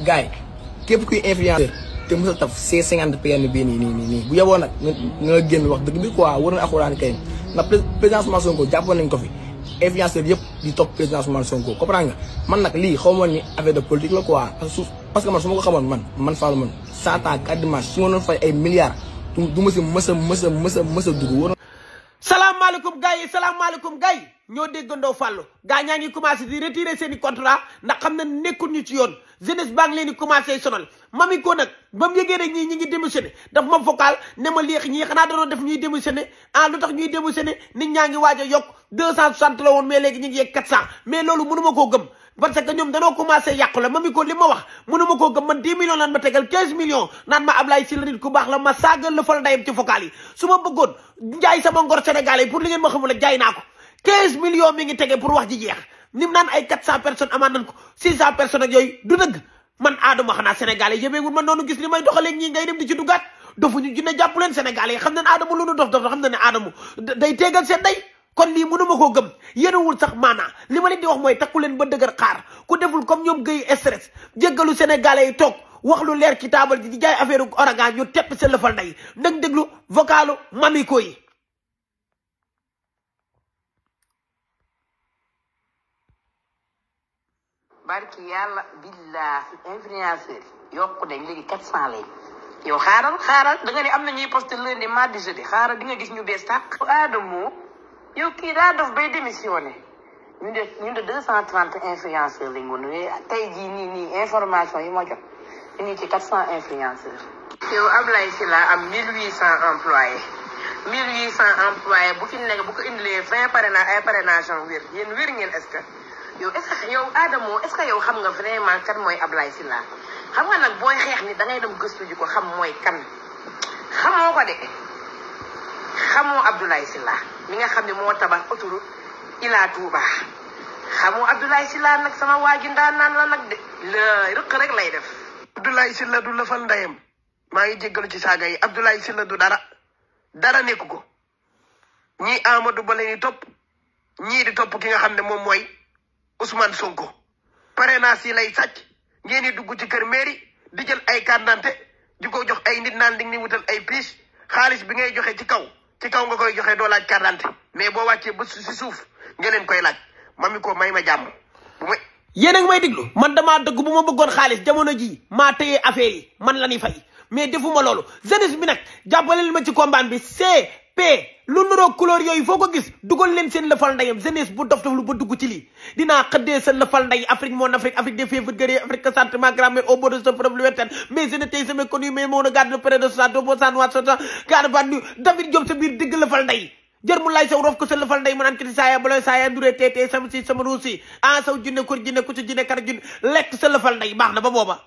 gars yi képp kuy influenceur te mos taf C50 PN bii nii nii nii bu yeboo nag nga génn wax dëgg bi quoi war na alxuraan karim ndax président Ousmane Sonko jàppoon nañ ko fi influenceur yëpp di topp président Ousmane Sonko comprendre man nag lii xaw ni affaire de politique la quoi parce man su ko xamoon man man Fallou man cent ans dimanche su ma fay ay milliards du ma si mës a mës a mës yi salaamaaleykum gars yi ñoo déggandoo fàllu gaa ñaa ngi commencé di retirer seeni i contrat ndax xam na nekkul ñu ci yoon jeunesse baa ngi leen commencé sonal mami ko nag ba mu yëgee rek ñii ñi ngi démissionné daf ma vocal ne ma léex ñii xanaa da doon def ñuy démissionné ah lu tax ñuy démissionné nit ñaa ngi waaj a yokk deux cent soixante la woon mais léegi ñu ngi yegg quatre cent mais loolu mënuma koo gëm parce que ñoom danoo commencé yàqu la ma mi ko li ma wax mënuma koo gëm man 10 millions naan ma tegal 15 millions naan ma Ablaye Sylla nit ku baax la ma saagal la fal pour li ngeen ma xamul jaay naa ko 15 millions mi ngi tege pour wax ji jeex nim naan ay 400 personnes amaan nañ ko 600 personnes ak yooyu du dëgg man aaduma xanaa sénégalais yëmeewul man noonu gis li may doxalee ñii ngay dem di ci dugaat dofuñu jinne jàpp leen sénégalais yi xam ne aadama lu nu dof dof xam ne kon lii mënuma koo gëm yéenewul sax maanaa li ma leen di wax mooy takku leen ba dëgër xaar ku deful comme ñoom gëy stress jéggalu sénégalais yi toog wax lu leer ci taabal ji di jaay affaire Orange ñu tepp seen lëfal ndey nag déglu vocalu mamiko yi barki yàlla billaahi influenceur yokku dañ léegi quatre cent lay xaaral xaaral da ne am na ñuy posté lundi mardi jeudi xaaral di nga gis ñu bees tàq aadamoo yow kii daa dof bay démissionné ñu def ñu de deux cent trente influenceurs lañ woon eh? tey jii nii nii information yi ma jot ñu ngi ci quatre cent influenceurs. yow Ablaye Sylla am mille huit cent employés mille huit cent employés bu ci nekk bu ko indilee vingt parrainage ay parrainage en wér yéen wér ngeen est que yow est-ce est-ce que yow xam nga vraiment kan mooy si Sylla xam nga nag booy xeex ni da dem gëstu ji ko xam mooy kan xamoo ko de. xamoo Abdoulaye Sylla mi nga xam ne moo tabax autoroute Ila Touba xamoo Abdoulaye Sylla nag sama waa ji ndaa naan la nag de la rëq rek lay def. Abdoulaye Sylla du lafal ndeyam maa ngi jéggalu ci saaga yi Abdoulaye Sylla du dara dara nekk ko ñii Amadou Ba leen di topp ñii di topp ki nga xam ne moom mooy Ousmane Sonko. parrainage yi lay sàcc ngeen di dugg ci kër mairie di jël ay carte d'identité ko jox ay nit naan di ni wutal ay pièces xaalis bi ngay joxe ci kaw. ci kaw nga koy joxe doo laaj carte d'identité mais boo wàccee ba si suuf nga leen koy laaj mami ko may ma jàmm bu may. yéen a ngi diglu man damaa dëgg bu ma bëggoon xaalis jamono jii maa téye affaire yi man la ñuy fay mais defuma loolu jeunesse bi nag jàppaleel ma ci combat bi CP lu couleur couleur yooyu foo ko gis dugal leen seen lëfal ndeyam jeunesse bu dof dof lu ba dugg ci lii dinaa xëddee sa lëfal ndey Afrique mon Afrique Afrique des fièvres guerriers Afrique que sentiment grammaire au mais je ne mais moo na garde nu David Diop sa biir dëgg lëfal ndey jër mu laay saw rof ko sa lëfal ndey mu naan kiti saaya baloy saaya nduree tee tee sama si sama ruusi ah saw junne kur junne ku ci junne kar lekk sa lëfal ndey baax na ba booba